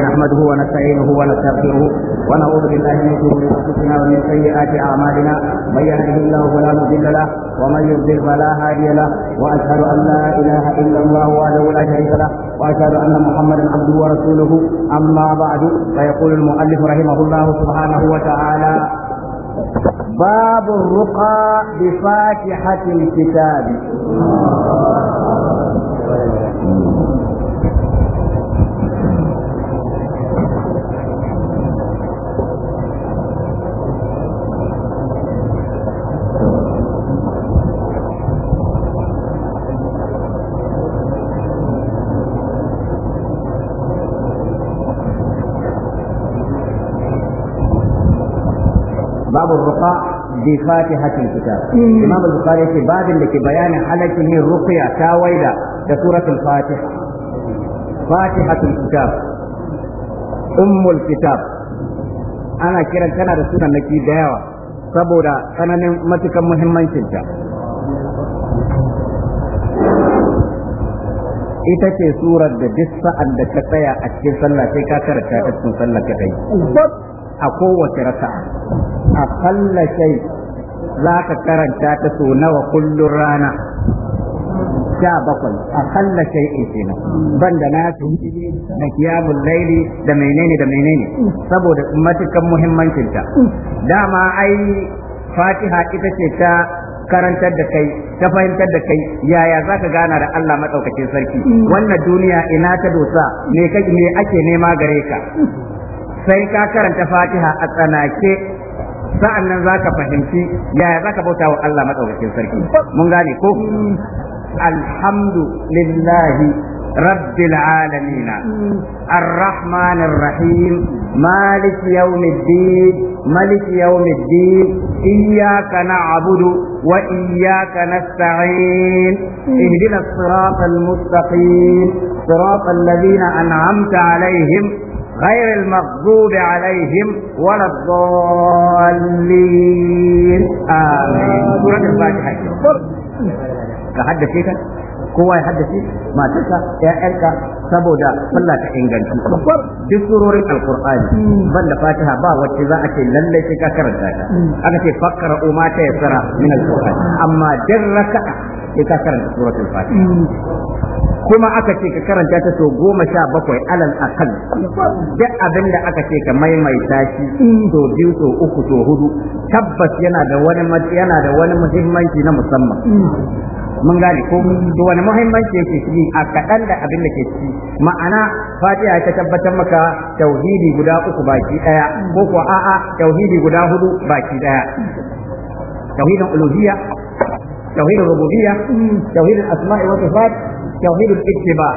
نحمده ونستعينه ونستغفره ونعوذ بالله من شرور انفسنا ومن سيئات اعمالنا من يهده الله فلا مضل له ومن يضلل فلا هادي له واشهد ان لا اله الا الله وحده لا شريك له واشهد ان محمدا عبده ورسوله اما بعد فيقول المؤلف رحمه الله سبحانه وتعالى باب الرقى بفاتحه الكتاب babu ruqa bi fatihatil kitab imam al-bukhari yake babin da ke bayanin halaccin yin ruqya ta waida da suratul fatiha fatihatul kitab ummul kitab ana kiran tana da sunan da yawa saboda tsananin matukan muhimmancinta ita ce surar da duk sa'an da ta tsaya a cikin sallah sai ka karanta ta cikin sallah kadai a kowace raka'a aqalla shai za ka karanta ta so nawa kullun rana sha bakwai aqalla shay'in kenan banda ban da kiyamul laili da menene da menene saboda matukan muhimmancinta dama ai fatiha ita ce ta karantar da kai ta fahimtar da kai yaya za ka gana da Allah maɗaukacin sarki wannan duniya ina ta dosa me ake nema gare ka sai ka karanta fatiha a tsanake sa’an nan za fahimci yaya za ka bauta wa Allah maɗaukakin sarki. Mun gane ko? Alhamdulillahi rabbil alamin Ar-Rahman rahim Malik yawmiddin Malik yawmiddin Iyyaka na'budu wa iyyaka nasta'in Ihdinas siratal mustaqim siratal ladzina an'amta alaihim غير المغضوب عليهم ولا الضالين آمين سورة الفاتحة كحد كده kowa ya haddace matarsa ya'yanka saboda sallah ta inganci duk surorin alqur'ani banda fatiha ba wacce za a ce lalle sai ka karanta ta aka ce fakkara umma ta yasara min alqur'ani amma dan raka'a sai ka karanta suratul fatiha kuma aka ce ka karanta ta so goma sha bakwai alal akal duk abin da aka ce ka maimaita shi so biyu so uku so hudu tabbas yana da wani yana da wani muhimmanci na musamman mun gane ko duk wani muhimmanci yake ciki a kaɗan da abin da ke ciki ma'ana fatiha ta tabbatar maka tauhidi guda uku baki ɗaya ko ko a'a tauhidi guda hudu baki ɗaya tauhidin uluhiyya tauhidin rububiyya tauhidin asma'i wa sifat tauhidin ittiba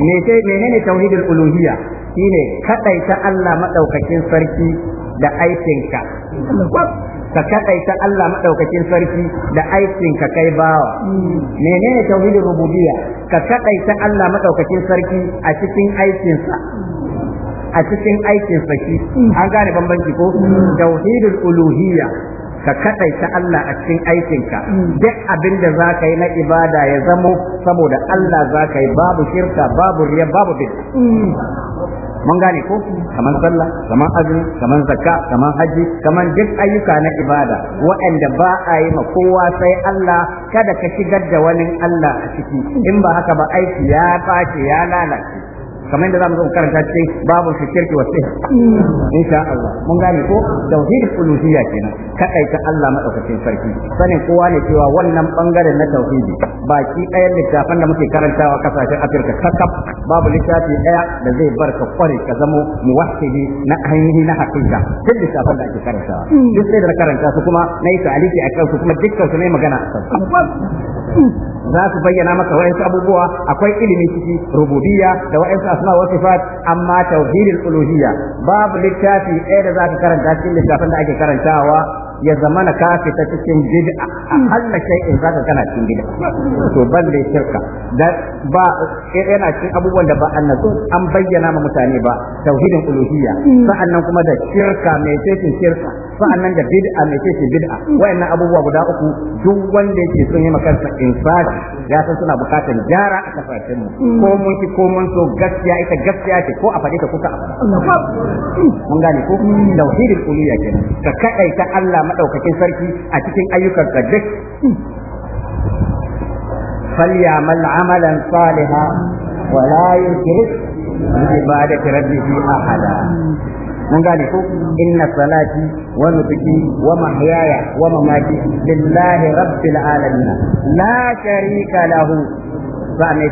menene tauhidin uluhiyya shine kadaita Allah madaukakin sarki da aikinka ka kakaita Allah madaukakin sarki da aikin ka kai bawa menene tauhidin rububiyya ka kakaita Allah madaukakin sarki a cikin aikin sa a cikin aikin sa an gane bambanci ko tauhidul uluhiyya ka kadaita Allah a cikin aikinka duk abin da za ka yi na ibada ya zamo saboda Allah za ka yi babu shirka babu riya babu bid'a mun gane ko kamar sallah kamar azumi kamar zakka kamar haji kamar duk ayyuka na ibada waɗanda ba a yi ma kowa sai Allah kada ka shigar da wani Allah a ciki in ba haka ba aiki ya ɓace ya lalace kamar yadda zamu zo karanta ce babu shirki wa sihr insha Allah mun gane ko tauhidul uluhiyya kenan kadaita Allah madaukakin sarki sanin kowa ne cewa wannan bangaren na tauhidi baki ɗayan littafin da muke karantawa kasashen Afirka kakaf babu littafi ɗaya da zai bar ka kware ka zamo muwahhidi na ainihi na hakika duk littafin da ake karantawa duk sai da karanta su kuma na yi ta'aliki a su kuma dukkan su ne magana a za su bayyana maka wa'ansu abubuwa akwai ilimi ciki rububiyya da wa'ansu asma wa sifat amma tauhidul uluhiyya babu littafi ɗaya da za ka karanta cikin littafin da ake karantawa ya zamana ka fita cikin bid'a Allah sai in zaka kana cikin bid'a to balle shirka da ba yana cikin abubuwan da ba annabi an bayyana ma mutane ba tauhidin uluhiyya sa'annan kuma da shirka mai cikin shirka sa'annan da bid'a mai cikin bid'a wayannan abubuwa guda uku duk wanda yake son yi makarsa insafi ya san suna bukatar gyara a kasashen mu ko mun ki ko mun so gaskiya ita gaskiya ce ko a faɗi ta kuka a faɗa mun gane ko tauhidin uluhiyya kenan ka kaɗaita Allah ma. madaukakin sarki a cikin ayyukan ka duk falyamal amalan saliha wa la yushrik bi ibadati rabbih ahada mun gane ko inna salati wa nusuki wa mahyaya wa mamati lillahi rabbil alamin la sharika lahu sa'ne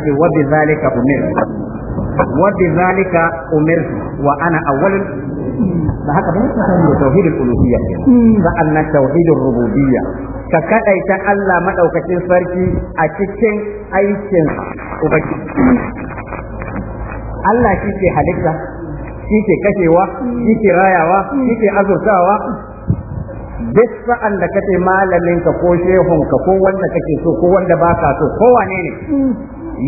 wa ana ba haka bane da tauhidul uluhiyya ba hmm. annan tauhidul rububiyya ka kadaita Allah madaukakin sarki a cikin aikin ubangiji Allah shi ke halitta shi ke kashewa shi ke rayawa shi ke azurtawa duk sa'an da kace malamin ka ko shehun ka ko wanda kake so ko wanda baka so ko wane ne hmm.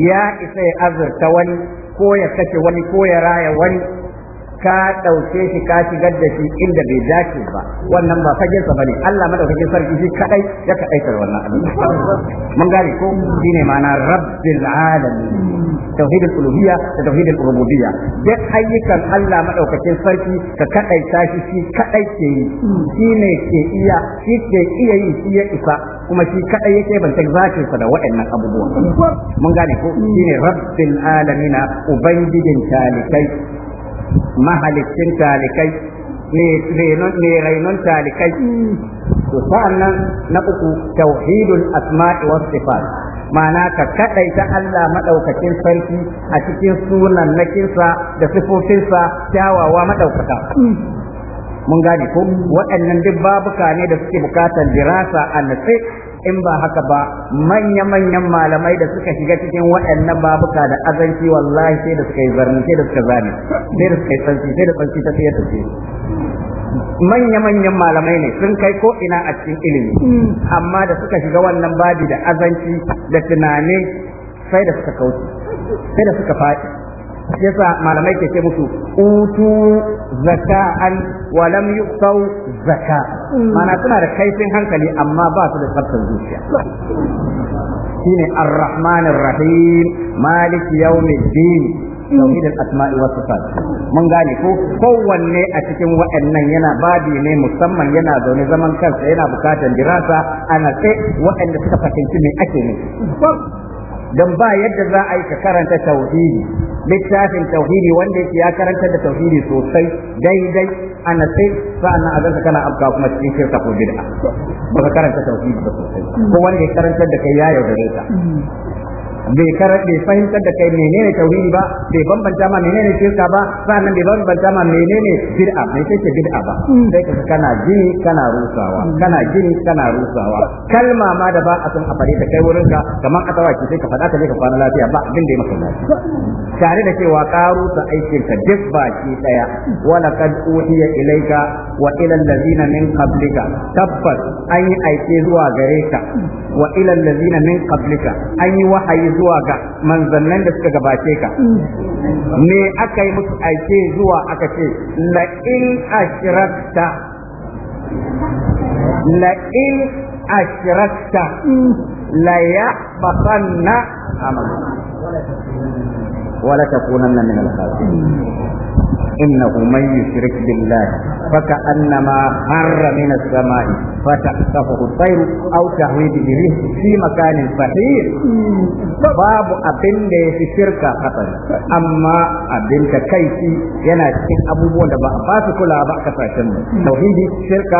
ya isa ya azurta wani ko ya kashe wani ko ya raya wani ka ɗauke shi ka shigar da shi inda bai dace ba wannan ba fagen ba ne, Allah madaukakin sarki shi kadai ya ka kadaitar wannan abin mun gane ko shine ma'ana rabbil alamin tauhidul uluhiyya da tauhidul rububiyya duk ayyukan Allah madaukakin sarki ka kadaita shi shi kadai ke yi shine ke iya shi ke iya yi shi ya isa kuma shi kadai yake ban san zakin sa da waɗannan abubuwa mun gane ko shine rabbil alamin ubangijin talikai mahalicin talikai mai rainon talikai to sa'annan na uku tauhidul asma'i was sifat Mana ka kadaita Allah madaukakin sarki a cikin sunan nakinsa da sifofinsa kyawawa madaukaka mun gane ko waɗannan duk babuka ne da suke bukatar dirasa a in ba haka ba manya-manyan malamai da suka shiga cikin waɗannan babuka da azanci wallahi sai da suka yi zarni sai da suka zane sai da suka yi tsanci sai da tsanci ta fiye da manya-manyan malamai ne sun kai ko ina a cikin ilimi amma da suka shiga wannan babi da azanci da tunani sai da suka kauce sai da suka faɗi yasa malamai ke ce musu utu zaka'an wa lam yuqtaw zaka mana suna da kaifin hankali amma ba su da tsaftar zuciya shine ar rahim malik yawmiddin din al-asma'i was sifat mun gane ko kowanne a cikin waɗannan yana babi ne musamman yana zaune zaman kansa yana bukatar dirasa ana sai waɗanda suka fahimci me ake ne dan ba yadda za a yi ka karanta tauhidi littafin tauhidi wanda yake ya karanta da tauhidi sosai daidai a nasai sa'annan a ganka kana abka kuma cikin shirka ko bid'a ba ka karanta tauhidi ba sosai ko wanda ya karanta da kai ya yaudare ka bai kara bai fahimtar da kai menene tauhidi ba bai bambanta ma menene shirka ba sannan bai bambanta ma menene bid'a bai kace bid'a ba mm. sai ka kana jini kana rusawa kana jini kana rusawa kalma ma da ba a san a fare da kai wurin ka kamar ki sai ka faɗa ka je ka kwana lafiya ba abin da ya maka lafiya tare da cewa ta aikin ka duk ki daya wala kad uhiya ilaika wa ila allazina min qablika tabbas an yi aike zuwa gare ka wa ila allazina min qablika an yi wahayi zuwa ga manzannin da suka gabace ka me aka yi musu aike zuwa aka ce La'in ashirarta, la'in ashirarta, laya la ولا تكونن من الخاسرين إنه من يشرك بالله فكأنما خر من السماء فتأسفه الطير أو تهوي به في مكان صحيح باب أبن في شركة قطر أما أبن كيفي ينا cikin abubuwan da ba a ba su kula ba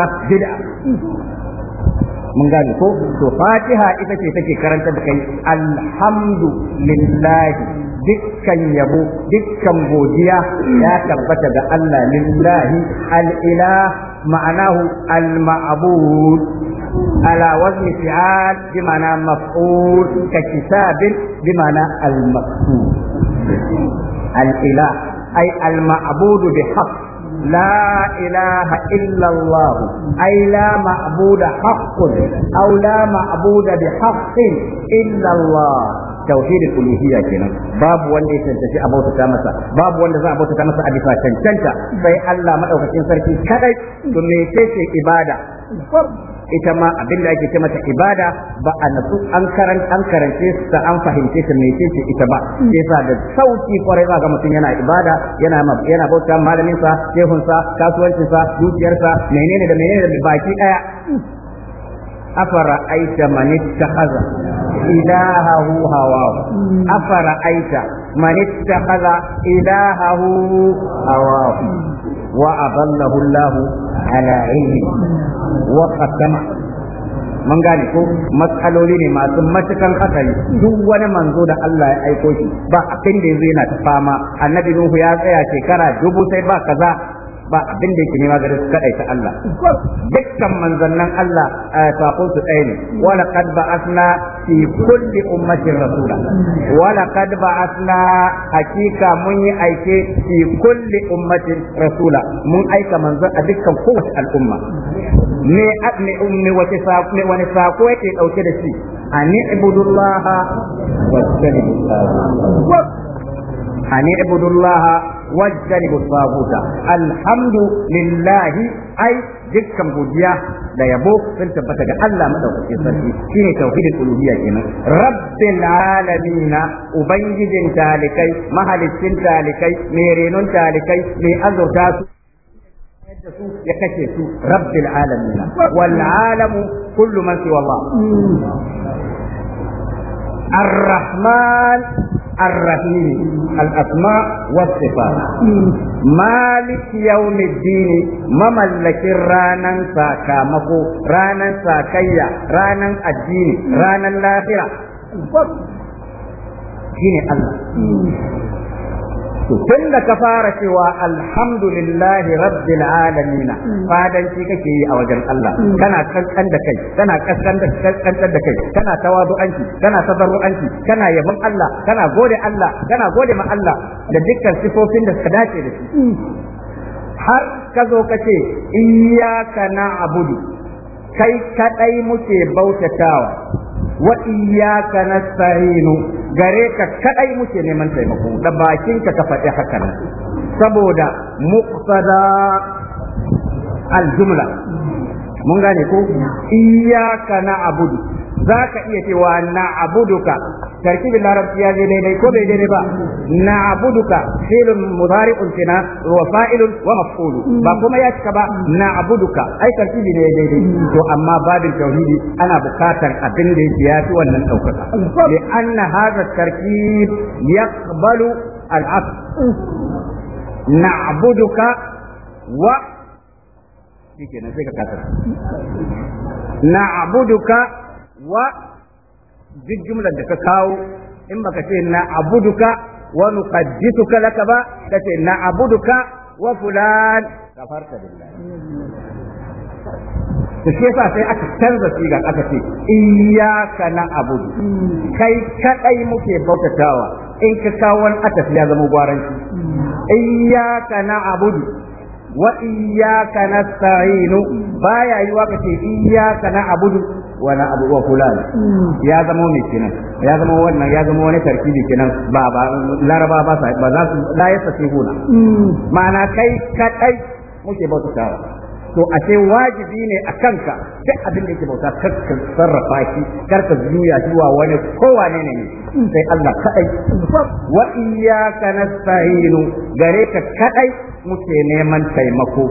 a mun gane ko to fatiha ita ce take karanta da kai lillahi dukkan yabo dukkan godiya ya tabbata ga Allah lillahi al-ilah ma'anahu al-ma'bud kitabin bi ma'ana al مفعول ككتاب بمعنى المكتوب الاله اي المعبود بحق لا إله إلا الله أي لا معبود حق أو لا معبود بحق إلا الله kenan babu wanda ya cancanci a bautata masa babu wanda za a bautata masa a bisa cancanta sai Allah madaukakin sarki kadai to me ce ibada ita ma abin da ake ce mata ibada ba a natsu an karan an karance ta an fahimce su mai ce ita ba sai sa da sauki kwarai ba ga mutum yana ibada yana yana bauta malamin sa shehun sa kasuwancin sa dukiyar sa menene da menene da baki daya afara aita man ittakhadha ilahahu hawahu afara aita man ittakhadha ilahahu hawahu وأضله الله على علم وختمه mun gane ko matsaloli ne masu matukan hatsari duk wani manzo da Allah ya aiko shi ba abin da yanzu yana ta fama annabi Nuhu ya tsaya shekara dubu sai ba kaza ba abin da yake nema gare su kadai ta Allah dukkan manzannin Allah eh, sakon su ɗaya ne Wala laqad ba'athna fi kulli ummatin rasula Wala laqad ba'athna hakika mun yi aike fi kulli ummatin rasula mun aika manzan a dukkan kowace al'umma ne abne ummi wace sako ne wani sako yake dauke da shi ani ibudullaha wa sallallahu أن اعبدوا الله واجتنبوا الطاغوت alhamdu lillahi ai dukkan godiya da yabo sun tabbata ga Allah madaukakin sarki shine tauhidin uluhiyya kenan rabbil alamin ubangijin talikai mahalicin talikai mai renon talikai mai azurta su yadda su ya kashe su rabbil alamin wal alamu kullu Allah الرحمن الرحيم الأسماء والصفات مالك يوم الدين مملك رانا ساكامكو رانا ساكيا رانا الدين رانا الآخرة جيني الله Tunda ka fara cewa alhamdulillahi rabbil alamin fadanci kake yi a wajen Allah kana kankan da kai kana kaskan da kankan da kai kana tawadu'anki kana tadarru'anki kana yabon Allah kana gode Allah kana gode ma Allah da dukkan sifofin da suka dace da shi har ka zo ka ce iyyaka na'budu kai kadai muke bautatawa wa iyyaka nasta'inu gare ka kadai muke neman taimako da bakin ka ka faɗi haka nan saboda muqtada al-jumla mun gane ko iyyaka na'budu za ka iya cewa na abuduka tarkibin larabci ya je daidai ko bai daidai ba na abuduka filin mudari'un kina wa fa'ilun wa maf'ulu ba kuma ya cika ba na abuduka ai tarkibi ne daidai to amma babin tauhidi ana bukatar abin da ya yafi wannan daukaka li anna hadha tarkib yaqbalu al-asl na'buduka wa shikenan sai ka kasar na'buduka wa duk jumlar da ka kawo in baka ce na abuduka wa nuqaddisuka laka ba ka ce na abuduka wa fulan kafarta billahi to shi yasa sai aka canza ga aka ce iyyaka na abudu kai kadai muke bautatawa in ka kawo wani atafi ya zama gwaranci iyyaka na abudu wa iyyaka nasta'inu baya yiwa ka ce iyyaka na abudu wani abu wa fulani mm. ya zama mai kinan ya zama wannan ya zama wani tarkibi kinan ba ba laraba ba sa ba za su la yasa sai huna mm. ma'ana kai kadai muke bauta ta to ashe wajibi ne a kanka duk abin da yake bauta kar ka sarrafa shi kar ka juya zuwa wani kowane ne mm. sai Allah kadai wa iyyaka nasta'inu gare ka kadai muke neman taimako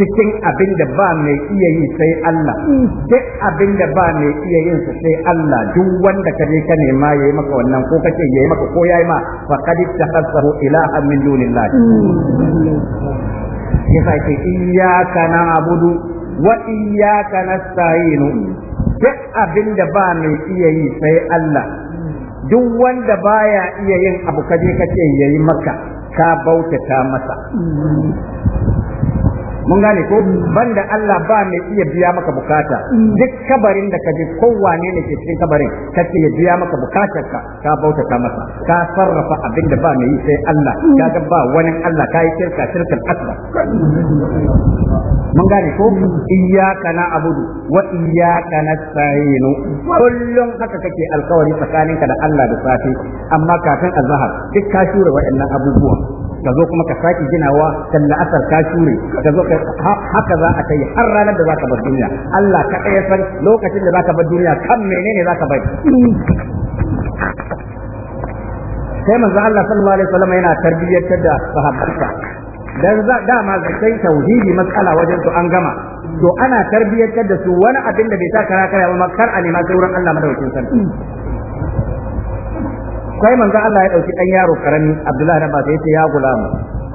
cikin abin da ba mai iya yi sai Allah mm. duk abin da ba mai iya yin su sai Allah duk wanda ka je ka nema ya yi maka wannan ko kace yi maka ko ya yi ma faqad tahassahu ilaha min dunillah mm. yasa ce iyyaka na'budu wa iyyaka nasta'inu duk abin da ba mai iya yi sai Allah duk wanda baya iya yin abu kaje kace yayi maka ka bautata masa mm. mun gane ko banda Allah ba mai iya biya maka bukata duk kabarin da je kowane ne ke cikin kabarin kace ya biya maka bukatar ka ka bautata masa ka sarrafa abin da ba mai sai Allah ka ba wani Allah ka yi shirka shirkan akbar mun gane ko iyyaka na'budu wa iyyaka nasta'in kullum haka kake alkawari tsakaninka da Allah da safi amma kafin azhar duk ka shure waɗannan abubuwa ka zo kuma ka saki ginawa kan la'asar ka shure ka zo haka za a kai har ranar da zaka bar duniya Allah ka ɗaya san lokacin da zaka bar duniya kan menene zaka bai sai manzo Allah sallallahu alaihi wasallam yana tarbiyyar da sahabbansa dan za dama zai tauhidi matsala wajen su an gama to ana tarbiyyar da su wani abin da bai ta kara kara ma kar a nema sai wurin Allah madaukakin sarki kai manzo Allah ya dauki dan yaro karami Abdullahi Abbas ya ce ya gulamu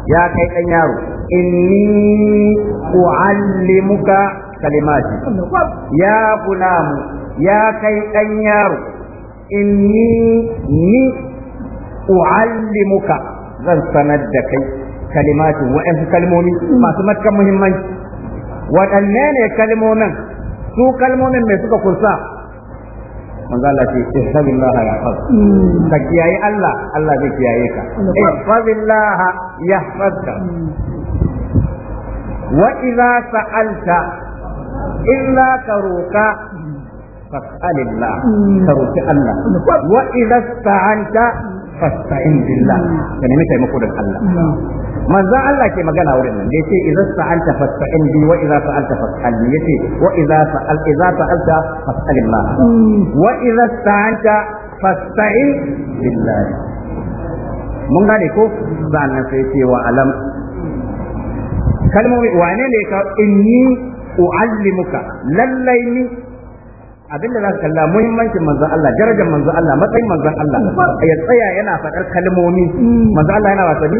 ya kai dan yaro inni uallimuka kalimati ya gulamu ya kai dan yaro inni ni uallimuka zan sanar da kai kalimatin wa'ansu kalmomi masu matakan muhimmanci waɗanne ne kalmomin su kalmomin mai suka kunsa manzo Allah ce ihfazillah ya faz mm. ka kiyaye Allah Allah zai kiyaye ka mm. ihfazillah yahfazka wa idza sa'alta illa karuka fas'alillah mm. karuki Allah wa idza fasta'in billah ka nemi taimako daga Allah manzon Allah ke magana wurin nan da yace idza sa'alta fasta'in bi wa idza sa'alta fas'alni yace wa idza sa'al idza sa'alta fas'alillah hmm. wa idza sa'alta fasta'in billah mun gane ko sannan sai cewa wa alam kalmomi wane ne ka inni u'allimuka lallai ni Abin da za su kalla muhimmancin manzon Allah darajar manzon Allah matsayin manzon Allah ya tsaya yana faɗar kalmomi manzon Allah yana wasanni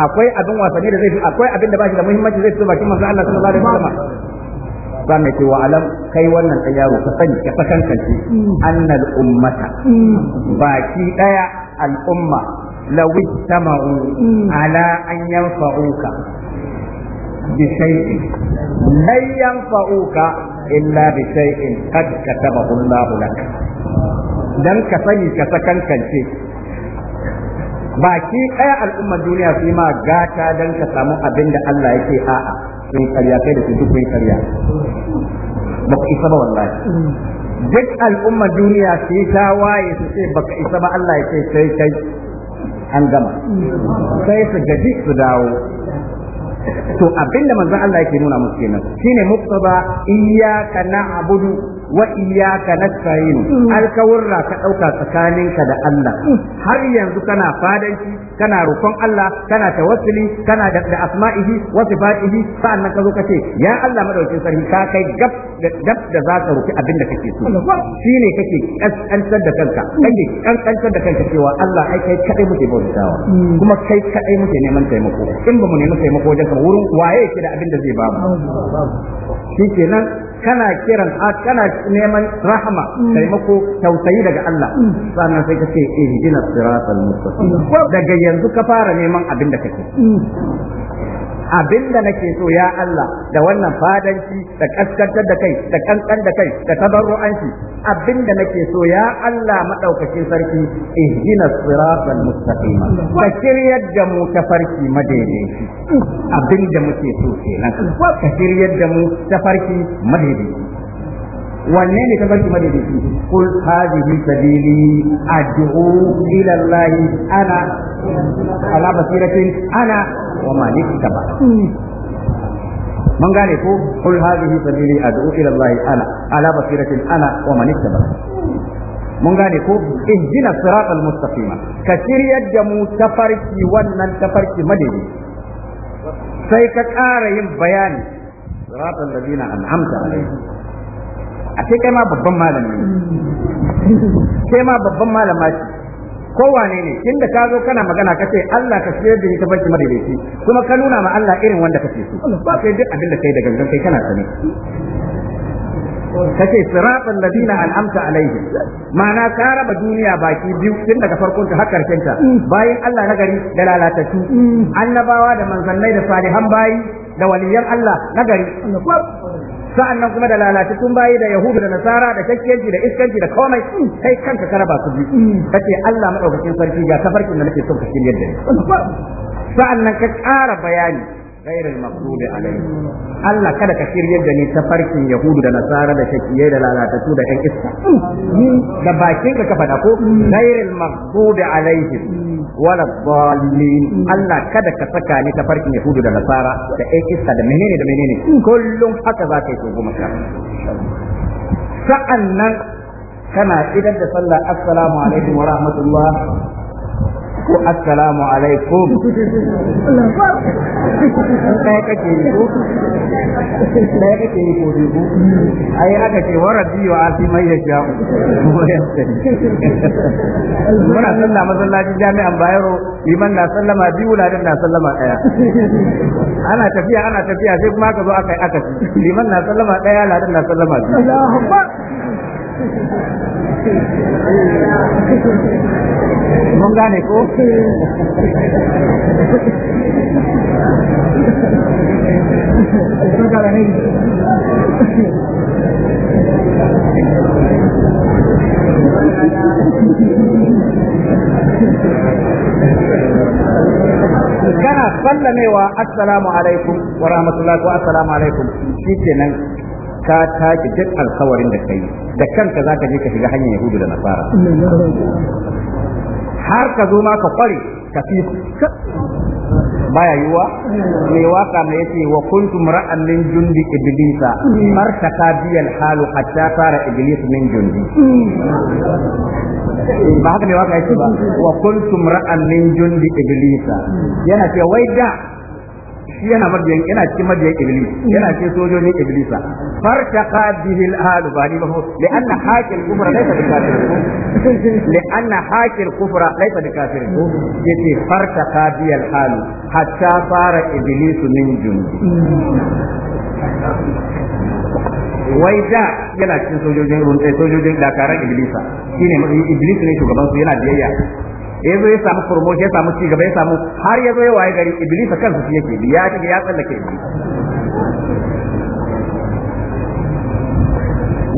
akwai abin wasanni da zai akwai abin da ba shi da muhimmanci zai fito bakin manzon Allah sallallahu alaihi wasallam ba mai cewa alam kai wannan ɗan yaro ka sani ka sakankanci annal ummata baki ɗaya al'umma lawi tama'u ala an yanfa'uka bi shay'in lan yanfa'uka illa bi shay'in qad katabahu Allah dan ka sani ka sakankance ki ɗaya al'ummar duniya su ma gata dan ka samu abin da Allah yake a'a sun karya kai da su duk sun karya ba ku isa ba wallahi duk al'ummar duniya su yi tawaye su ce ba ku isa ba Allah yake sai kai an gama sai su gaji su dawo to abinda manzon Allah yake nuna musu kenan shine muktaba iyyaka na'budu wa iyyaka nasta'in mm. alkawurra ka dauka tsakaninka da Allah mm. har yanzu kana fadanci kana rukon Allah kana tawassuli kana da asma'ihi wa sifatihi sa'annan ka zo kace ya Allah madaukakin sarki ka kai gab gab da za ka roki abin da kake so shine kake kaskantar da kanka mm. kake kaskantar da kanka cewa Allah ai kai kadai muke bautawa kuma kai kadai muke neman taimako in ba mu neman taimako wajen wurin waye ke da abin da zai ba mu kenan kana kiran kana neman rahama mm. taimako tausayi daga Allah mm. sannan sai ka ce ihdinas siratal mustaqim daga yanzu ka fara neman abin da kake mm. abinda nake so ya Allah da wannan fadanci da kaskantar da kai da kankan da kai da tabarru'anci abinda nake so ya Allah madaukakin sarki ihdina siratal mustaqim ka shiryar da mu ta farki madaidaici abinda muke so kenan ka shiryar da mu ta tafarki madaidaici wanne ne ka bar shi madaidaici kul hadhihi sabili ad'u ila allah ana ala basiratin ana wa ma mun gane ko يقول قل sabili ad'u ila allah ana ala basiratin ana wa ومن اتبعني mun gane ko ihdina siratal mustaqima ka shirya da mu tafarki wannan tafarki madadi sai ka ƙara yin bayani siratal ladina an'amta alaihim a ce kai ma babban malami kai ma babban malama ce kowane ne inda ka zo kana magana kace Allah ka shirye da ita barki madaidaici kuma ka nuna ma Allah irin wanda kake so ba kai duk abin da kai da gangan kai kana sani kace siratal ladina an'amta alaihi, ma'ana ka raba duniya baki biyu tun daga farkon ta har karshen bayan Allah na gari da lalatattu annabawa da manzannai da salihan bayi da waliyan Allah na gari sa'annan kuma da tun bayi da yahudu da nasara da kakkiyanci da iskanci da komai mm, kai kanka ka raba su biyu mm. ce Allah madaukakin sarki ga tafarkin da nake son ka shiryar da ni sa'annan ka ƙara bayani غير المغضوب عليهم Allah kada ka shirye da ni ta Yahudu da Nasara da shakiyai da lalatattu da ƴan iska ni da bakin ka faɗa ko ghairil maghdubi alaihim wala dallin Allah kada ka saka ni ta Yahudu da Nasara da ƴan iska da menene da menene kullum haka za ka yi togo maka nan kana idan da sallah assalamu alaikum wa rahmatulah. ko assalamu alaikum ɗaya kake yi ko ɗaya kake yi ko biyu ai aka ce wara wa a asi mai ya sha muna sallah masallacin jami'an bayero liman na sallama biyu ladan na sallama ɗaya ana tafiya ana tafiya sai kuma aka zo aka yi aka liman na sallama ɗaya ladan na sallama biyu mun gane ko kana sallamewa assalamu alaikum wa rahmatullahi wa assalamu alaikum nan ka take duk alkawarin da kai da kanka ka je ka shiga hanyar yahudu da nasara har ka zo ma ka kware ka fi baya yiwa mai waka mai yake wa kuntum ra'an min jundi iblisa martaka biyal halu hatta fara iblis min jundi ba haka mai waka yake ba wa kuntum ra'an min jundi iblisa yana cewa wai da shi yana madiyan yana cikin madiyan iblis yana cikin sojojin iblisa fartaqa bihi al-ahlu bani ba li'anna haqil kufra laysa bi kafir li'anna haqil kufra laysa bi kafir yace fartaqa bihi al-ahlu hatta fara iblis min jundi wai da yana cikin sojojin eh, sojojin dakaran iblisa shine iblis ne shugaban su yana biyayya ya zo ya samu promotion ya samu cigaba ya samu har ya zo ya waye gari iblis kansa shi yake ya ji ya tsallake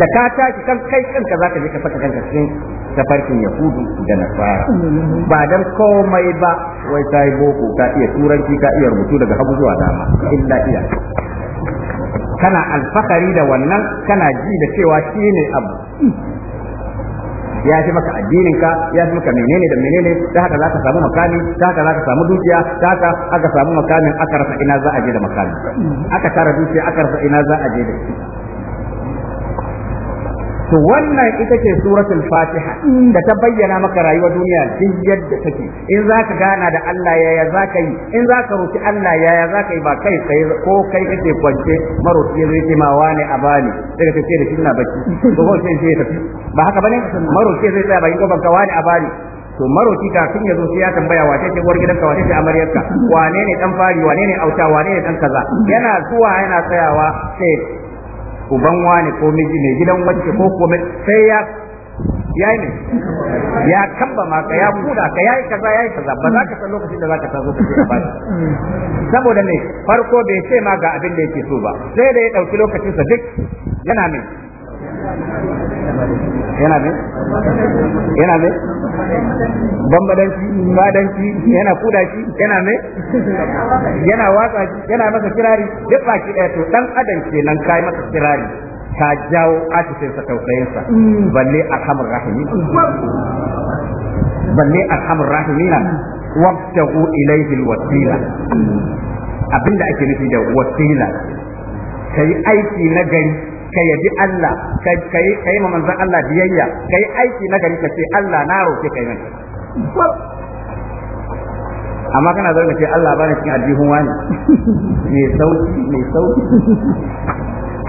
da ka tashi kan kai kanka zaka je ka saka kanka cikin tafarkin yahudu da nasara ba dan komai ba wai ta yi boko ka iya turanci ka iya rubutu daga hagu zuwa dama illa iya kana alfakari da wannan kana ji da cewa shine abu ya fi maka addinin ka ya fi maka menene da menene ta haka za ka samu makami ta haka za ka samu dukiya ta haka aka samu makamin aka rasa ina za a je da makami aka tara dukiya aka rasa ina za a je da shi to wannan ita ce suratul fatiha da ta bayyana maka rayuwar duniya duk yadda take in zaka gana da Allah yaya zaka yi in zaka roki Allah yaya zaka yi ba kai sai ko kai kake kwance maroki zai ce ma wani a bani sai ka ce da shi ina ba to ko sai ya tafi ba haka bane maroki zai tsaya bakin kofar ka wani a bani to maroki ka kin yazo sai ya tambaya wace ce uwar gidanka wace ce amaryarka wane ne dan fari wane ne auta wane ne dan kaza yana zuwa yana tsayawa sai uban wani ko miji mai gidan wance ko komai sai ya ya yi ne ya kamba ka ya kuda ka ya yi kaza ya yi kaza ba za ka san lokacin da za ka tazo ka ce a saboda ne farko bai ce ma ga abin da yake so ba sai da ya ɗauki lokacinsa duk yana ne yana ne yana ne bambadanci madanci yana kuda shi yana mai yana watsa shi yana masa kirari duk baki ɗaya to dan adam nan kai masa kirari ta jawo atishinsa tausayinsa balle arhamar rahimi balle arhamar rahimina wabtahu ilayhi alwasila abinda ake nufi da wasila kai aiki na gari ka yabi Allah ka yi ma manzan Allah biyayya ka yi aiki na gari ka ce Allah na roke kai mai amma kana zaune ce Allah bani cikin aljihun wani mai sauki mai sauki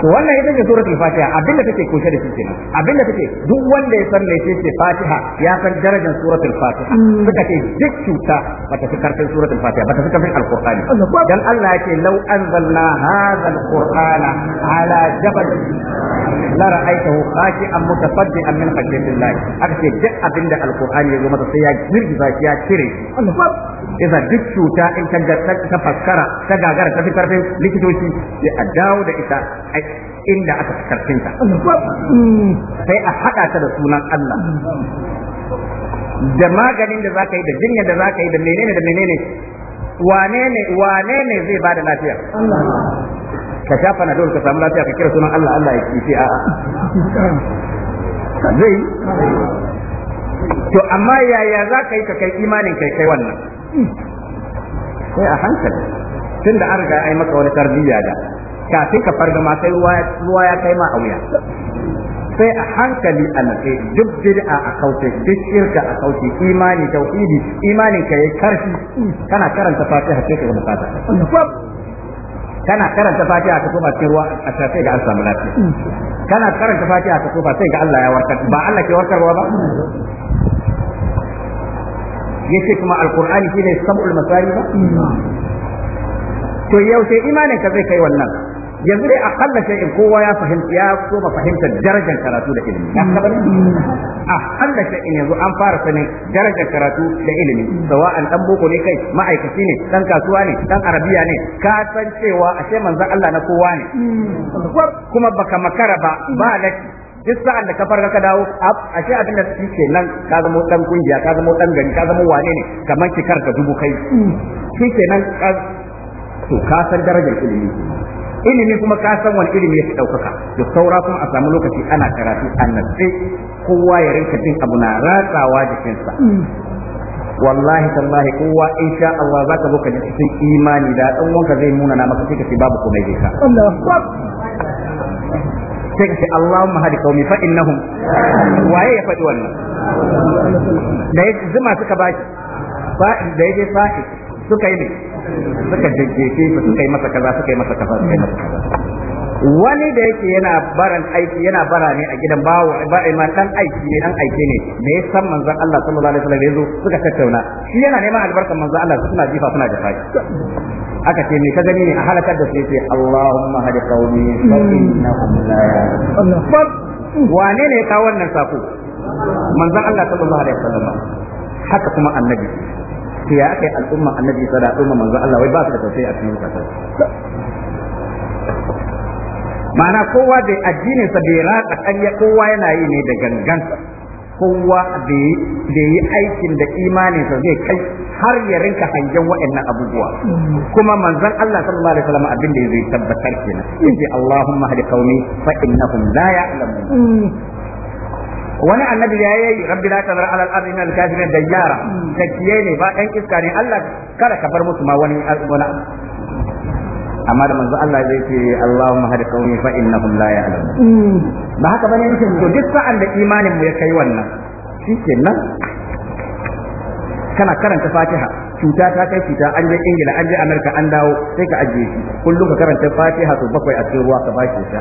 to wannan ita ce suratul fatiha abinda take kunshe da shi abinda take duk wanda ya san mece ce fatiha ya san darajar suratul fatiha mm. suka ce duk cuta bata fi karfin suratul fatiha bata fi karfin alqur'ani dan Allah yake law anzalna hadha alqur'ana ala jabal la ra'aytahu khashi'an mutasaddian min khashyatillah aka ce duk abinda alqur'ani ya zo masa sai ya girgiza shi ya kire. yasa duk cuta in ta faskara ta gagara ta fi karfin likitoci sai a dawo da ita inda aka karfin ta sai a haɗa ta da sunan Allah da maganin da zaka yi da jinya da zaka yi da menene da menene wane ne wane ne zai bada lafiya ka shafa na dole ka samu lafiya ka kira sunan Allah Allah ya ce a'a zai to amma yaya za ka yi ka kai imanin kai kai wannan sai a hankali tun da an riga ai maka wani tarbiyya da kafin ka fargama sai ruwa ya kai ma a wuya sai a hankali a natse duk bid'a a kauce duk shirka a kauce imani tauhidi imanin ka yayi karfi kana karanta fatiha sai ka gama fata kana karanta fatiha ka koma cikin ruwa a sai ga an samu lafiya kana karanta fatiha ka koma sai ga Allah ya warkar ba Allah ke warkarwa ba yace kuma alqur'ani shine sab'ul masari ba to yau sai imanin ka zai kai wannan yanzu dai akalla shay'in kowa ya fahimta ya so ba fahimta darajar karatu da ilimi A akalla in yanzu an fara sanin darajar karatu da ilimi an dan boko ne kai ma'aikaci ne dan kasuwa ne dan arabiya ne ka san cewa ashe manzon Allah na kowa ne kuma baka makara ba ba duk sa'an da ka farka ka dawo a ce abin da suke nan ka zama dan kungiya ka zama dan gari ka zama wane ne kamar kikar ka dubu kai shi ke nan to ka san darajar ilimi ilimi kuma ka san wani ilimi yake ɗaukaka da saura kuma a samu lokaci ana karatu a natsi kowa ya rinka jin abu na ratsawa jikinsa wallahi tallahi kowa in sha Allah za ka zo ka ji cikin imani da dan wanka zai nuna na maka sai ka ce babu komai zai ka sai ka ce Allahumma hadi qaumi fa innahum waye ya faɗi wannan da zuma suka bashi da yake fa'i suka yi ne suka jajjefe su suka yi masa kaza suka yi masa kaza suka yi masa kaza wani da yake yana baran aiki yana bara ne a gidan bawo ba iman eh, dan aiki ne dan aiki ne me san manzon Allah sallallahu alaihi wasallam yazo suka tattauna shi yana neman albarkar manzon Allah suna jifa suna jifa aka ce me ka gani ne a halakar da su ce Allahumma hadi qaumi fa innahum la yaqul wane ne ya kawo wannan sako manzon Allah sallallahu alaihi wasallam haka kuma annabi sai ya kai al'umma annabi sada al'umma manzo Allah wai ba su da tausayi a cikin zakata ma'ana kowa da addinin sa bai kan ya kowa yana yi ne da gangansa kowa da yi aikin da imaninsa zai kai har ya rinka hangen waɗannan abubuwa kuma manzon Allah sallallahu alaihi wasallam abin da zai tabbatar kenan yace Allahumma hadi qaumi fa innahum la ya'lamun wani annabi ya yi rabbi la tazar ala al-ardi min al-kafirin dayyara takiye ne ba dan iska ne Allah kada ka bar musu ma wani wani amma da manzo Allah zai ce Allahumma hadi qaumi fa innahum la ya'lamun ba haka bane yake to duk sa'an da imanin mu ya kai wannan shikenan kana karanta Fatiha cuta ta kai cuta an je Ingila an je Amerika an dawo sai ka ajiye shi kullum ka karanta Fatiha to bakwai a cikin ruwa ka bashi sha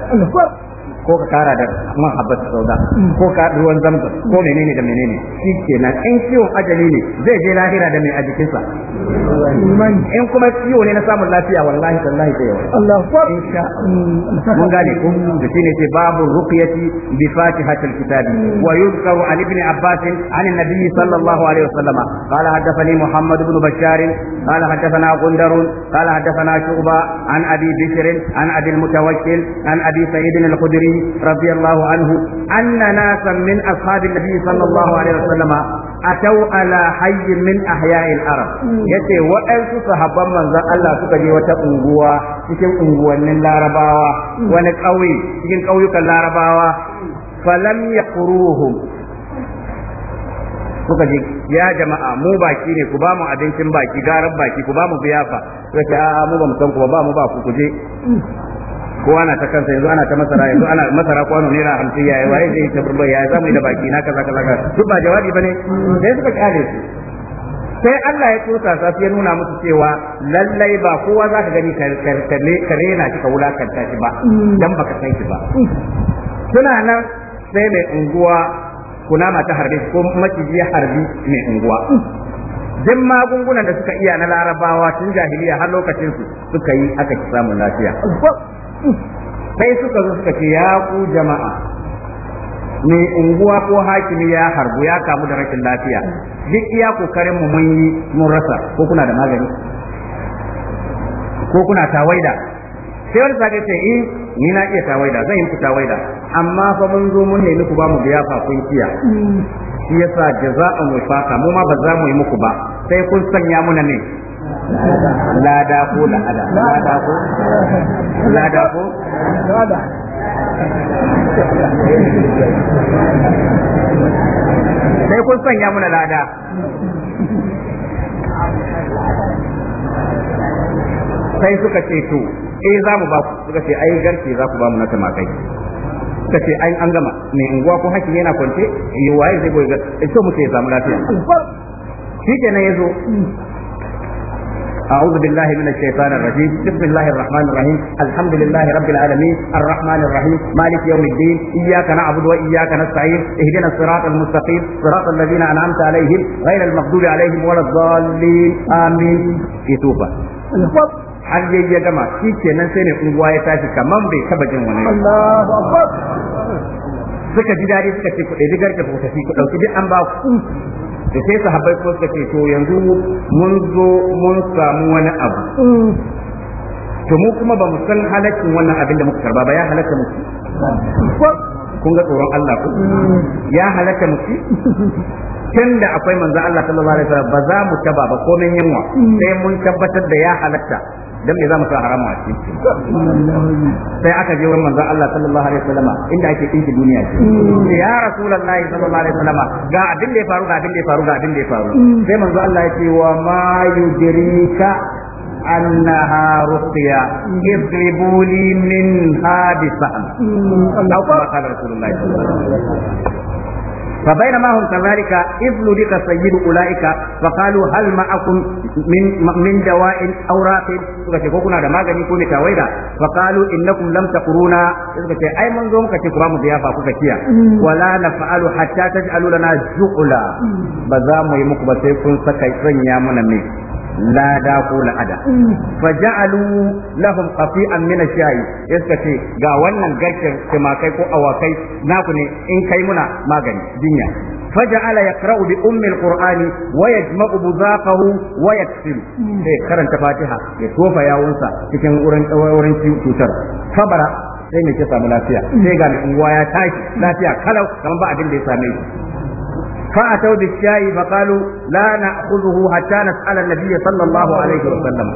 ko ka kara da man habbat sauda ko ka ruwan zamzam ko menene da menene shi kenan in ciwon ajali ne zai je lahira da mai a jikinsa in kuma ciwo ne na samun lafiya wallahi tallahi da yawa Allahu akbar insha mun gane ko da shine ce babu ruqyati bi fatihatil kitabi wa yuzkaru an ibn abbas an an-nabi sallallahu alaihi wasallam qala haddathani muhammad ibn bashar qala haddathana gundar qala haddathana shu'ba an abi bishr an abi al-mutawakkil an abi sa'id الخدري رضي الله عنه أن ناسا من أصحاب النبي صلى الله atau ala hayyin min ahya'il arab yace waɗansu sahabban manzon Allah suka je wata unguwa cikin unguwannin larabawa wani ƙauye cikin ƙauyukan larabawa falam yaqruhum suka je ya jama'a mu baki ne ku ba mu abincin baki garan baki ku ba mu biyafa suka ce a'a mu ba mu san ku ba mu ba ku kuje kowa na ta kansa yanzu ana ta masara yanzu ana masara kwano naira hamsin yaya waye zai ta burba yaya zamu yi da baki na kaza kaza kaza duk ba jawabi bane sai suka kare su sai Allah ya tsosa sa ya nuna musu cewa lallai ba kowa za ka gani kare na shi ka wulakanta shi ba dan baka san shi ba suna nan sai mai unguwa kunama ta harbi ko maciji ya harbi mai unguwa Jin magungunan da suka iya na larabawa tun jahiliya har lokacin su suka yi aka samun lafiya sai suka zo suka ce ya ku jama'a ne unguwa ko hakimi ya harbu ya kamu da rashin lafiya duk iya kokarin mu mun yi mun rasa ko kuna da magani ko kuna tawaida sai wani sake ce in eh, ni na iya tawaida zan yi tawaida amma fa mun zo mun nemi ku ba mu biya fa kun kiya mm. shi yasa jaza'an fata, mu ma ba za mu yi muku ba sai kun sanya muna ne lada ko lahada, lada ko lada ko lada sai kun sanya mana lada sai suka ce to eh za mu ba ku suka ce ai garke za ku ba mu na tamakai suka ce ai an gama mai unguwa ko hakin yana kwance yi eh, waye zai goyi ga eh, mu ce samu lafiya shi kenan ya zo أعوذ بالله من الشيطان الرجيم بسم الله الرحمن الرحيم الحمد لله رب العالمين الرحمن الرحيم مالك يوم الدين إياك نعبد وإياك نستعين اهدنا الصراط المستقيم صراط الذين أنعمت عليهم غير المغضوب عليهم ولا الضالين آمين في توبة har yayi ya gama shi kenan sai ne unguwa ya tashi kaman bai taba jin wani Allahu akbar suka ji dadi suka ce ku ɗauki garka ku tafi ku ɗauki duk an ba ku da sai sahabbai ko suka ce to yanzu mun zo mun samu wani abu mm. to mu kuma ba mu san halakin wannan abin da muka karba ba ya halaka muku kun ga tsoron Allah ku ya halaka mutu tun da akwai manzo Allah sallallahu alaihi wasallam ba za mu taba ba komai yunwa sai mun tabbatar da ya halatta dan me za mu sa haramu a cikin sai aka je wurin manzo Allah sallallahu alaihi wasallam inda ake dinki duniya ce ya rasulullahi sallallahu alaihi wasallam ga abin da ya faru ga abin da ya faru ga abin da ya faru sai manzo Allah ya ce wa ma yudrika أنها رقية اضربوا لي منها بسهم أو كما قال رسول الله صلى الله عليه وسلم فبينما هم كذلك إذ لدك سيد أولئك فقالوا هل معكم من من دواء أو راقب فكشفوكنا دما غني كوني كويدا فقالوا إنكم لم تقرونا أي من ذوم كشفرام ضيافة كشيا ولا نفعل حتى تجعلوا لنا جعلا بزام يمكبا سيكون سكيسن يا منمي لا داكو أدا فجعلوا لهم قطيئا من الشاي يسكتي ga wannan garken كما كيكو awakai naku ne in kai muna magani kunya فجعل يقرأ بأم القرآن ويجمع بذاقه ويكسل sai karanta fatiha ya tofa yawunsa cikin wurin cutar fabara sai mai ke samu lafiya sai ga unguwa ya tashi lafiya kalau kamar ba da ya same shi فأتوا بالشاي فقالوا لا نأخذه حتى نسأل النبي صلى الله عليه وسلم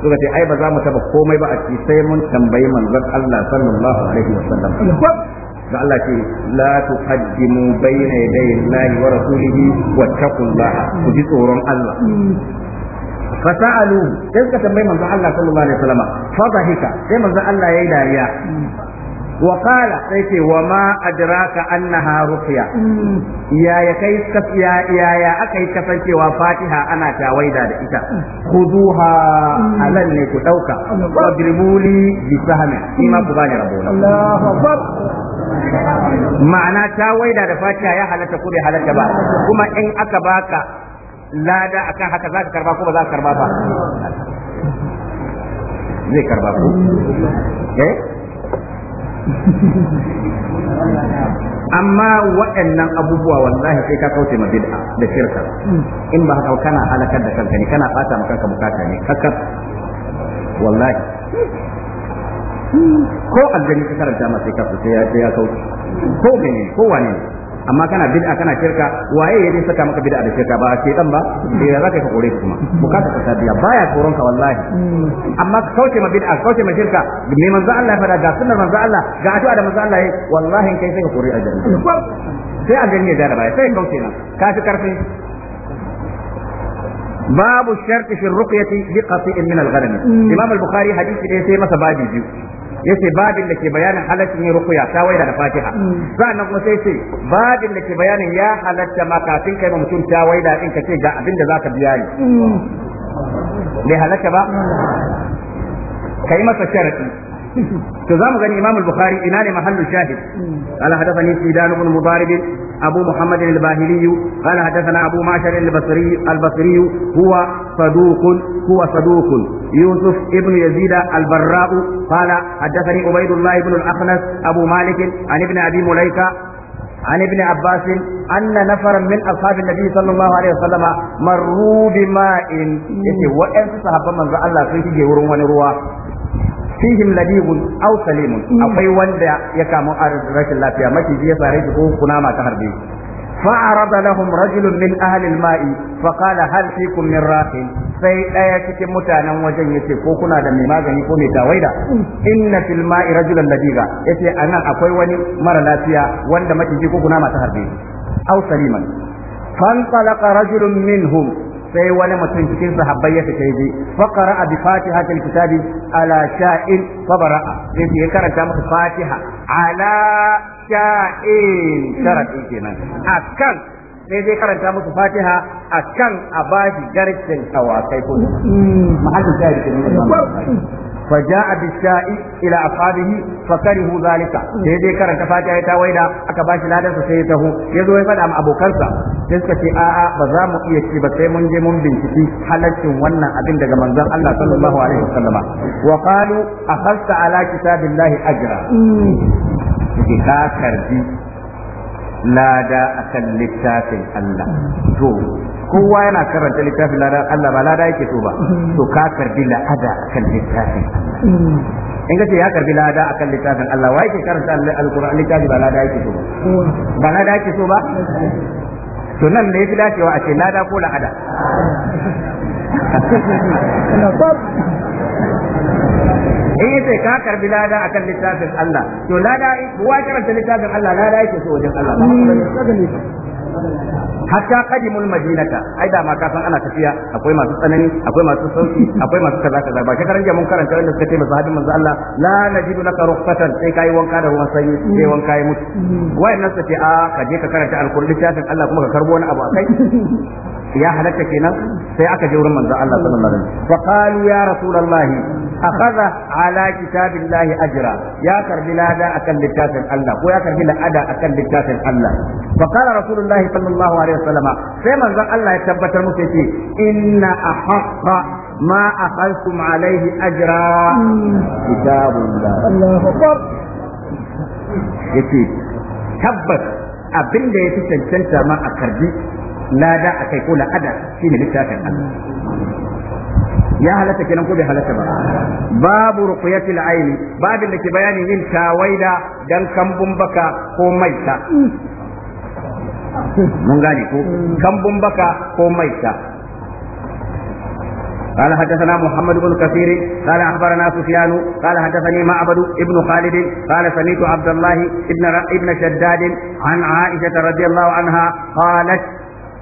suka ce ai ba za mu taba komai ba aci sai mun tambayi manzon Allah sallallahu alaihi da Allah ce la tuqaddimu bayna yaday Allah wa rasulihi wattaqullaha ku ji tsoron Allah fasalu sai suka tambayi manzon Allah sallallahu alaihi wasallam fa dhahika sai manzo Allah yayi dariya wa sai ce wa ma adraka annaha ruqya ya ya kai ya ya ya akai kasancewa fatiha ana tawaida da ita khuduha halal ne ku dauka wadribuli bi sahmi ima ku bani rabona ma'ana tawaida da fatiha ya halarta ko bai ba kuma in aka baka lada akan amma waɗannan abubuwa wallahi sai ka kauce ma bid'a da shirka in ba haka kana halakar da kanka ne kana fata maka kanka bukata ne haka wallahi ko aljani ka karanta ma sai ka ya kauce ko gani ko wani? ne amma kana bid'a kana shirka waye ya saka maka bid'a da shirka ba dan ba eh za ka ka kore kuma bukata ka sabiya baya koron ka wallahi hmm. amma ka kauce ma bid'a kauce ma shirka ne manzo Allah ya fada ga sunnar manzo Allah ga addu'a da manzo Allah wallahi kai sai ka kore aljanna sai aljanna ya da baya sai kauce na ka fi karfi باب الشرط في الرقية بقطيع من الغنم إمام البخاري حديث إيه سيما سبادي yace babin da ke bayanin halaccin yin rukuya ta waya da fatiha mm. sannan kuma sai ce babin da ke bayanin ya halatta ma kafin kai mutum ta waya din ka ce ga abin da zaka biya ni mm. bai halatta ba kai masa sharadi to zamu gani imam al-bukhari ina ne mahallu shahid mm. ala hadathani sidan ibn mubarib أبو محمد الباهلي قال حدثنا أبو معشر البصري البصري هو صدوق هو صدوق يوسف ابن يزيد البراء قال حدثني عبيد الله بن الأخنس أبو مالك عن ابن أبي مليكة عن ابن عباس أن نفرا من أصحاب النبي صلى الله عليه وسلم مروا بماء يتي وأنت صحابة من الله سيجي ورون ونروا fihim ladibun aw salimun mm. akwai wanda ya kamu a rashin lafiya maciji ya sare shi ko kunama ta harbe shi فعرض لهم رجل من أهل الماء فقال هل فيكم من راح sai ɗaya cikin mutanen wajen ya ce ko kuna da mai magani ko mai tawaida mm. inna fil ma'i rajulan ladiga yace anan akwai wani mara lafiya wanda maciji ko kuna masu saliman فانطلق رجل منهم sai wani mutum cikin sahabbai ya fita yaje fa qara'a bi til kitabi ala sha'in fa bara'a sai ya karanta maka fatiha ala sha'in sharadi kenan akan sai zai karanta musu fatiha akan a bashi garkin tawakai ko mm. mahallin sha'in kenan فجاء بالشاء الى اصحابه فكرهوا ذلك sai dai karanta fatiha ya tawaida aka bashi ladan sa sai ya taho ya zo ya faɗa ma abokansa sai suka ce ba za mu iya ci ba sai mun je mun binciki halaccin wannan abin daga manzon Allah sallallahu alaihi wasallam wa qalu akhadta ala kitabillahi ajra ka karbi lada a kan littafin Allah to kowa yana karanta littafin lada Allah ba lada yake so ba to ka karbi la'ada kan littafin in ka ce ya karbi lada akan littafin Allah wa yake karanta alquran littafi ba lada yake so ba ba lada yake so ba to nan ne yafi dacewa a ce lada ko la'ada in yace ka karbi lada akan littafin Allah to lada kuwa karanta littafin Allah lada yake so wajen Allah hatta qadimul madinata ai da ma kasan ana tafiya akwai masu tsanani akwai masu sauki akwai masu kaza kaza ba shekaran jiya mun karanta wanda suka ce ba sahabin manzo Allah la najidu laka rukhatan sai kai wanka da ruwan sanyi sai wanka ya mutu wayannan suka ce a ah, kaje ka karanta alqur'ani tafin Allah kuma ka karbo wani abu akai ya halatta kenan sai aka je wurin manzon Allah sallallahu alaihi wasallam fa qalu ya rasulullahi akhadha ala kitabillahi ajra ya karbi lada akan littafin Allah ko ya karbi lada akan littafin Allah fa qala rasulullahi sallallahu alaihi wasallam sai manzon Allah ya tabbatar musu yace inna ahaqqa ma akhadtum alaihi ajra kitabullah Allahu akbar yace tabbas abin da ya fi cancanta ma a karbi lada a kai ko la'ada ne littafin Allah ya halatta kenan ko bai halatta ba babu ruqyatil aini babin da ke bayanin yin tawaida dan kambun baka ko maita mun gane ko kambun baka ko maita قال حدثنا محمد بن كثير قال اخبرنا سفيان قال حدثني معبد ابن خالد قال سمعت عبد الله ابن ابن شداد عن عائشه رضي الله عنها قالت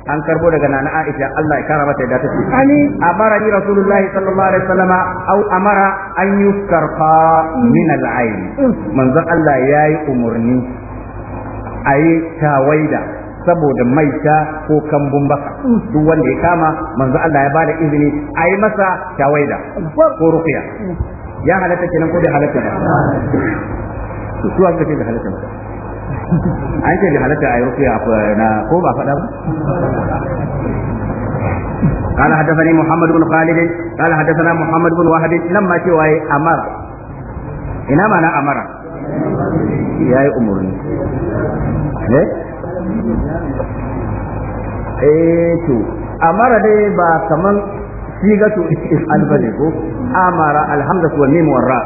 an karbo daga nana Aisha Allah ya kara mata yadda ce ani amara ni rasulullahi sallallahu alaihi wasallama au amara an yuskarfa min al-ayn mm. manzon Allah yayi umurni ayi tawaida saboda maita ko kambun baka mm. duk wanda ya kama manzo Allah ya bada izini ayi masa tawaida ko ruqya ya halatta kenan ko da halatta ba mm. su suwa suka ce da halatta an ce da halatta a yi rukiya na ko ba faɗa ba قال حدثني محمد بن خالد قال حدثنا محمد بن Amara. لما توي أمر Amara? Ya أمر يا أمرني إيه تو أمر دي با كمان صيغة إفعال بنيكو أمر الحمد والميم والراء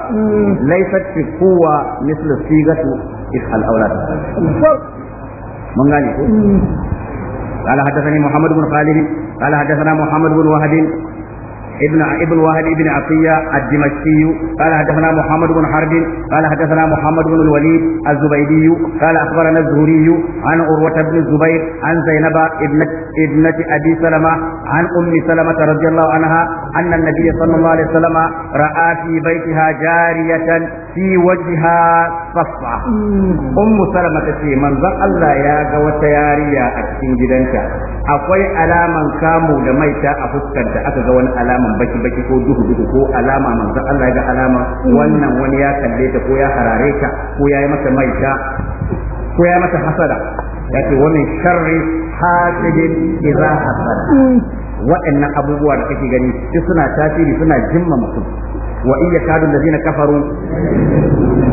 ليست في قوة مثل صيغة افعل او لا تفعل من غني قال حدثني محمد بن خالد قال حدثنا محمد بن وهب ابن ابن وهب بن عطية الدمشقي قال حدثنا محمد بن حرب قال حدثنا محمد بن الوليد الزبيدي قال اخبرنا الزهري عن عروة بن الزبير عن زينب ابنة ابنة ابي سلمة عن ام سلمة رضي الله عنها ان النبي صلى الله عليه وسلم رأى في بيتها جارية fi wajha saffa ummu salama tace manzon Allah ya ga wata yariya a cikin gidanta akwai alaman kamu da maita a fuskanta aka ga wani alaman baki baki ko duhu duhu ko alama manzon Allah ya ga alama wannan wani ya kalle ta ko ya harare ta ko ya yi mata maita ko ya mata hasada yace wannan sharri hasidin idza hasada mm. waɗannan abubuwa da kake gani suna tasiri suna jimma mutum وإن يكاد الذين كفروا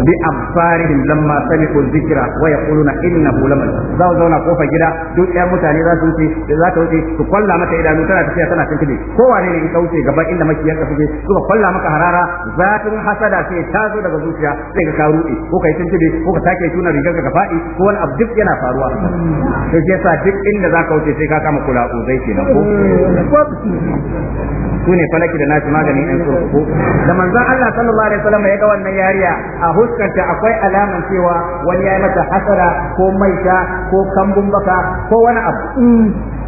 بأبصارهم لما سمعوا الذكر ويقولون إنه لمن زاو زونا قوفا جدا دوت يا متاني ذات وتي ذات وتي تقلع متى إلى نوتنا تسيا سنة تنتبه هو أن يكوتي قبل إن ما كيان كفوتي ثم قلع مكا هرارا ذات حسدا في تازو دغ زوتيا سيغا كاروئي هو كي تنتبه هو كتاكي تونا رجال كفائي هو الأبدك ينا فاروا سيسا دك إن ذاك وتي سيكا كما قلع أوزيكي نقو سوني فلكي لناس ماغني أنصر manzon Allah sallallahu alaihi wasallam ya ga wannan yariya a huskanta akwai alaman cewa wani ya mata hasara ko maita ko kambun baka ko wani abu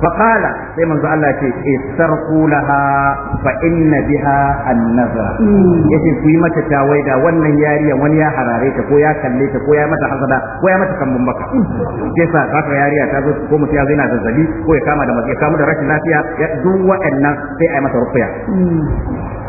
فقال mm. sai manzo Allah ce istarqu laha fa inna biha an-nazra mm. yace ku yi mata tawaida wannan yariya wani ya harare ta ko ya kalle ta ko ya mata hasada ko ya mata kambun baka sai mm. sa zaka yariya ta zo ko mutum ya zaina zazzabi ko ya kama da ya kama da rashin lafiya duk waɗannan sai a yi masa ruqya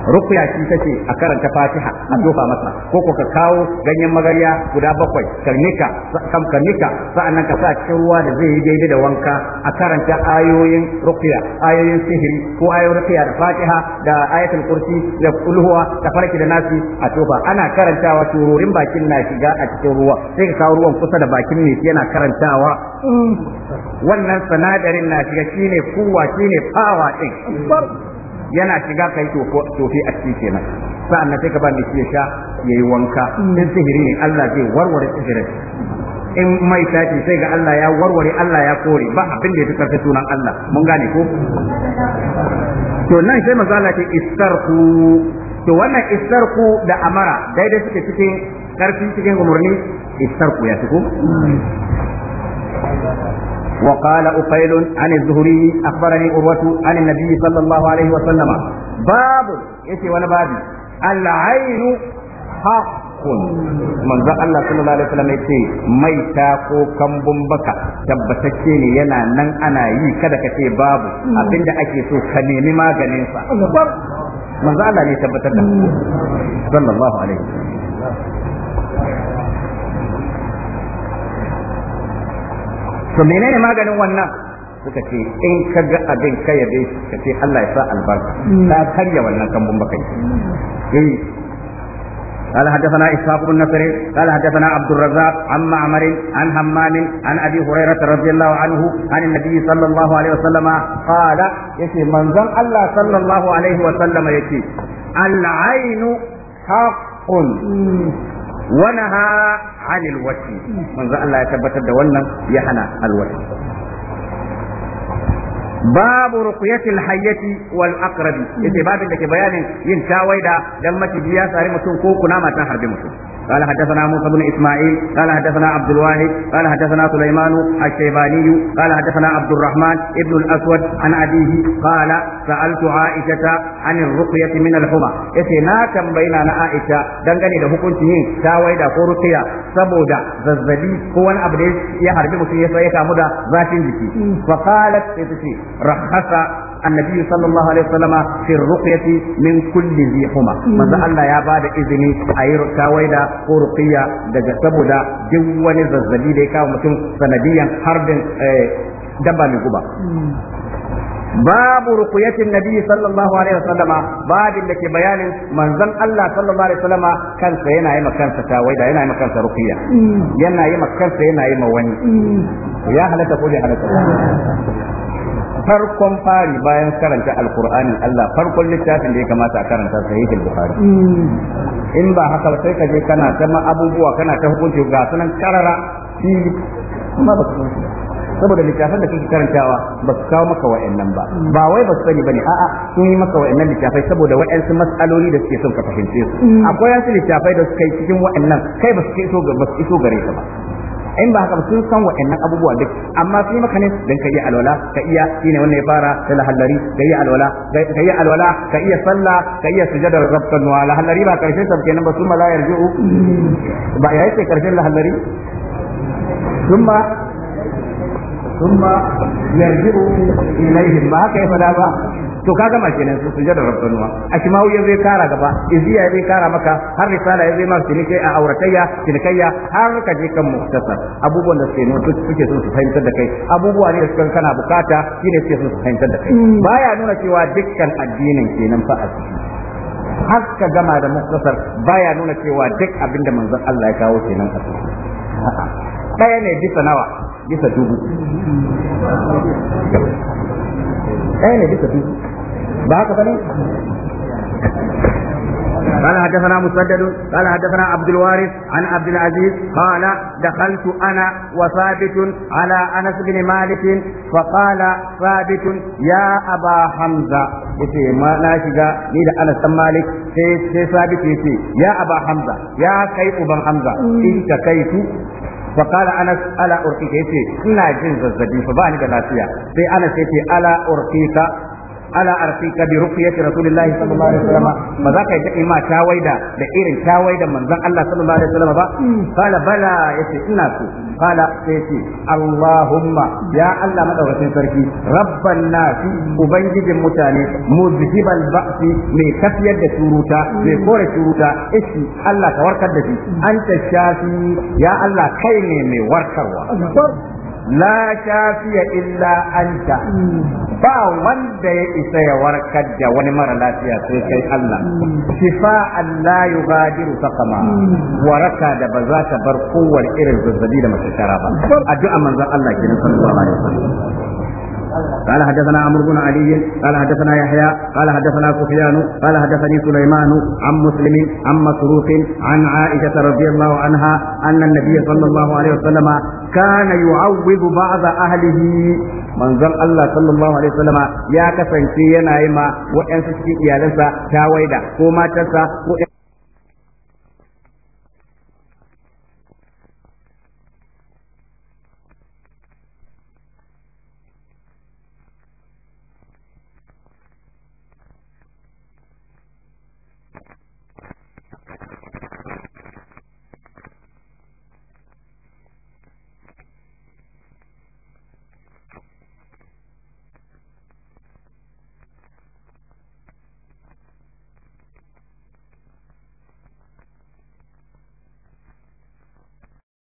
rukuya shi take a karanta fatiha a tofa masa ko ko ka kawo ganyen magarya guda bakwai karnika kam karnika sa'annan ka sa cikin ruwa da zai yi daidai da wanka a karanta ayoyin rukuya ayoyin sihiri ko ayoyin rukuya da fatiha da ayatul kursi da kulhuwa da farki da nasi a tofa ana karantawa tururin bakin na shiga a cikin ruwa sai ka kawo ruwan kusa da bakin ne yana karantawa mm. wannan sanadarin na shiga shine kuwa shine fawa din yana shiga kai tofi a cikin kenan sa'annan sai ka ba shi ya sha yayi wanka in sihiri ne Allah zai warware sihirin in mai tace sai ga Allah ya warware Allah ya kore ba abin da ya fi sunan Allah mun gane ko to nan sai mazala Allah ce istarku to wannan istarku da amara daidai suke cikin karfin cikin umarni istarku ya tuku وقال أقيل عن الزهري أخبرني أروة عن النبي صلى الله عليه وسلم باب يتي ولا بابي العين حق manzo Allah sallallahu alaihi wasallam yace mai ta ko kambun baka tabbatace ne yana nan ana yi kada ka ce babu abinda ake so ka nemi maganin sa manzo Allah ne tabbatar da sallallahu alaihi to menene maganin wannan suka ce in ka ga abin ka yabe ka ce Allah ya sa albarka ta karya wannan kambun baka yi قال حدثنا إسحاق بن نصر قال حدثنا عبد الرزاق عن معمر عن همام عن أبي هريرة رضي الله عنه عن النبي صلى الله عليه وسلم قال يشي من ظن الله صلى الله عليه وسلم يشي العين حق ونهى عن الوتي من ذا الله يتبت الدولنا يحنى الوتي باب رقية الحية والأقرب إذا بعد ذلك بيان ينشاوي دا دمتي بيا ساري مسون كوكو ناما تنحر بمسون قال حدثنا موسى بن اسماعيل قال حدثنا عبد الواحد قال حدثنا سليمان الشيباني قال حدثنا عبد الرحمن ابن الاسود عن ابيه قال سالت عائشه عن الرقيه من الحمى اتينا كم بين انا عائشه دنگane da hukuncin yin tawaida ko ruqiya saboda zazzabi ko wani abu da ya harbi mutum ya sai ya kamu da zafin jiki fa qalat sai tace rakhasa النبي صلى الله عليه وسلم في الرقية من كل ذي حمى ماذا الله يا بعد إذني أير كاويدا ko ruqiyya daga saboda duk wani zazzabi da ya kawo mutum sanadiyan harbin eh, dabba mai guba babu ruqiyatin nabiyyi sallallahu alaihi wasallam babin da ke bayanin manzon Allah sallallahu alaihi wasallam kansa yana yi kansa tawaida yana yi kansa ruqiyya mm. yana yi kansa yana yi wani mm. ya halatta ko ya halatta farkon fari bayan karanta alkur'anin Allah farkon littafin da ya kamata a karanta sahihul bukhari in ba haka sai ka je kana ta abubuwa kana ta hukunci ga sunan karara shi kuma ba saboda littafin da kake karantawa ba su kawo maka wa'annan ba ba wai ba su sani bane a'a sun yi maka wa'annan littafai saboda wa'ansu matsaloli da suke son ka fahimce su akwai wasu littafai da suka yi cikin wa'annan kai ba su iso ba su iso gare ka ba in ba haka sun san wa'annan abubuwa duk amma sai maka ne don ka iya alwala ka iya ne wannan ya fara da lahallari ka iya alwala ka iya alwala ka iya sallah ka iya sujada rabban wa lahallari ba karshen sa nan ba sun ma la yarji'u ba ya yi ce karshen lahallari ثم ثم يرجع إليهم haka ya لا ba? to ka gama kenan su sujada rabbanuwa a shimawu ya zai kara gaba iziya zai kara maka har risala ya zai ma su nike a auratayya cinikayya har ka je kan muktasar abubuwan da suke nuna suke su fahimtar da kai abubuwa ne da suka kana bukata shine suke su fahimtar da kai mm. baya nuna cewa dukkan addinin kenan fa a ciki har ka gama da muktasar baya nuna cewa duk abin da manzon Allah ya kawo kenan a ciki Daya ne bisa nawa bisa dubu mm. ɗaya ne bisa dubu ba haka bane قال حدثنا مسدد قال حدثنا عبد الوارث عن عبد العزيز قال دخلت انا وثابت على انس بن مالك فقال ثابت يا ابا حمزه yace ma na shiga ni da Anas dan Malik sai sai sabit yace ya Aba Hamza ya kai uban Hamza in ka kai su Anas ala urqika yace ina jin zazzabi fa ba ni da lafiya sai Anas yace ala ala arsika bi ruqyati rasulillah sallallahu alaihi wasallam ba za ka yi ma tawaida da irin tawaida manzon Allah sallallahu alaihi wasallam ba qala bala yace ina so qala ce allahumma ya Allah madaukakin sarki rabban nasi ubangijin mutane muzhibal ba'si mai kafiyar da turuta mai kore turuta ishi Allah ka warkar da shi anta shafi ya Allah kai ne mai warkarwa Na shafiya illa anta ba wanda ya isa ya warkar da wani mara lafiya sai kai Allah shifa la yughadiru saqama waraka da ba za ta bar kowar irin zazzabi da mace shara ba addu'a manzon Allah kenan sallallahu alaihi wasallam قال حدثنا عمرو بن علي قال حدثنا يحيى قال حدثنا سفيان قال حدثني سليمان عن مسلم عن مسروق عن عائشة رضي الله عنها أن النبي صلى الله عليه وسلم كان يعوض بعض أهله من ذل الله صلى الله عليه وسلم يا كسنتي ينايما وإن سكي إيالنسا تاويدا وما تسا